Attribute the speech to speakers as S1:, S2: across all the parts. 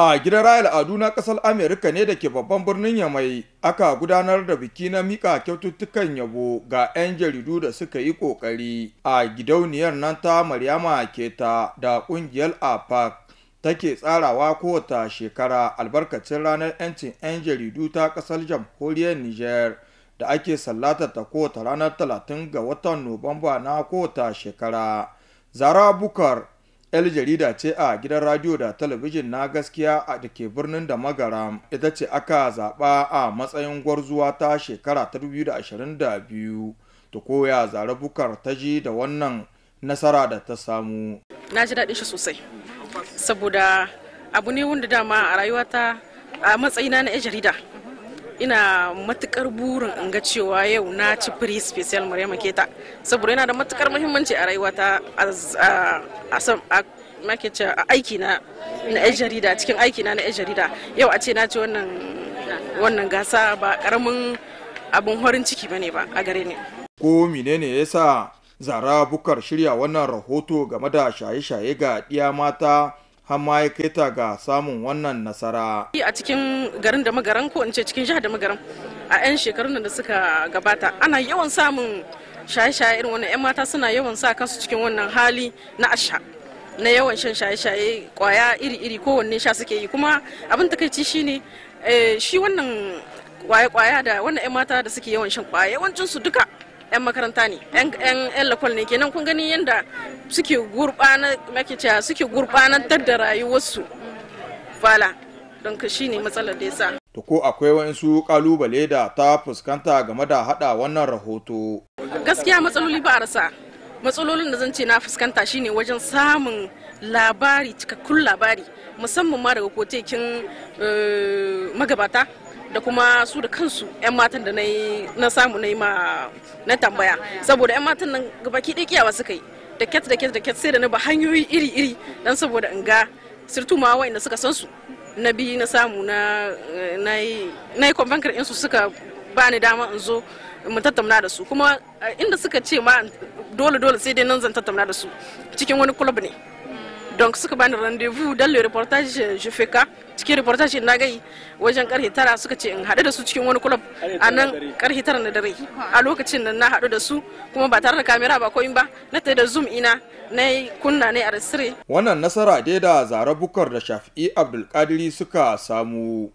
S1: a gidan raya al'adu na ƙasar amerika ne da ke babban birnin yamai aka gudanar da biki na mika kyaututtukan yabo ga 'yan jaridu da suka yi ƙoƙari a gidauniyar nan ta maryama keta da ƙungiyar apac take tsarawa kowata shekara albarkacin ranar 'yancin 'yan jaridu ta ƙasar jamhuriyar niger da ake sallata ta kowace ranar 30 ga watan nuwamba na kowata shekara zara bukar 'yar jarida ce a gidan radiyo da talabijin na gaskiya a da ke birnin da magara ita ce aka zaɓa a matsayin gwarzuwa ta shekara ta 2022 ta koya zara bukar ta ji da wannan nasara da ta samu
S2: na ji daɗin shi sosai saboda abu ne wanda dama a rayuwata a matsayina na yar jarida ina matukar burin in ga cewa yau na ci free special Maryam Keta saboda yana da matukar muhimmanci a rayuwata a make ce a aiki na na yan jarida cikin aiki na na yan jarida yau a ce na ci wannan wannan gasa ba karamin abin horin ciki bane ba a gare ni
S1: ko menene yasa zara bukar shirya wannan rahoto game da shaye-shaye ga ɗiya mata har ma ya kai ta ga samun wannan nasara.
S2: A cikin garin da magaran ko in ce cikin jihar da magaran a 'yan shekarun da suka gabata ana yawan samun shaye-shaye irin wannan 'yan mata suna yawan sa kansu cikin wannan hali na asha. na yawan shan shaye-shaye kwaya iri-iri kowanne sha suke yi kuma abin takaici ne eh, shi wannan kwaya-kwaya da wannan 'yan mata da suke yawan shan kwaya yawancinsu duka 'yan makaranta ne 'yan lakwal ne kenan kun gani yadda suke gurɓanar suke gurɓanar da rayuwarsu fala don ka shi ne matsalar da ya sa
S1: to ko akwai wasu kalubale da ta fuskanta game da hada wannan rahoto
S2: gaskiya matsaloli ba a rasa matsalolin da zan ce na fuskanta shine wajen samun labari cikakkun labari musamman ma daga kotekin eh, magabata da kuma su da kansu 'yan matan da na samu na yi ma na tambaya saboda 'yan matan nan gabaki ɗaya kiyawa suka yi da ket da ket da ket sai da na ba hanyoyi iri iri dan saboda in ga surtu ma wa'anda suka san su na bi na samu na eh, na yi kwamfankar insu suka ba ni dama in zo mu tattauna da su kuma eh, inda suka ce ma dole dole sai dai nan zan tattauna da su cikin wani club ne donc suka bani rendez-vous dans le reportage je fais ka cikin reportage na gai wajen karhe tara suka ce in haɗu da su cikin wani club a nan tara na dare a lokacin da na hadu da su kuma ba tare da kamera ba ko in ba na tai da zoom ina na kunna ne a rasire
S1: wannan nasara dai da zara bukar da shafi'i abdulkadiri suka samu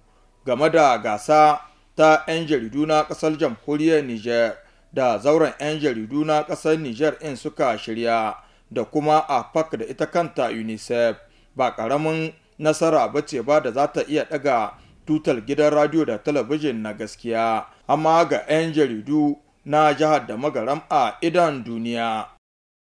S1: game da gasa ta 'yan jaridu na kasar jamhuriyar niger da zauren 'yan jaridu na kasar niger in suka shirya da kuma a pak da ita kanta unicef ba ƙaramin nasara ba ce ba da za ta iya ɗaga tutal gidan radio da talabijin na gaskiya amma ga 'yan jaridu na jihar da magaram a idan duniya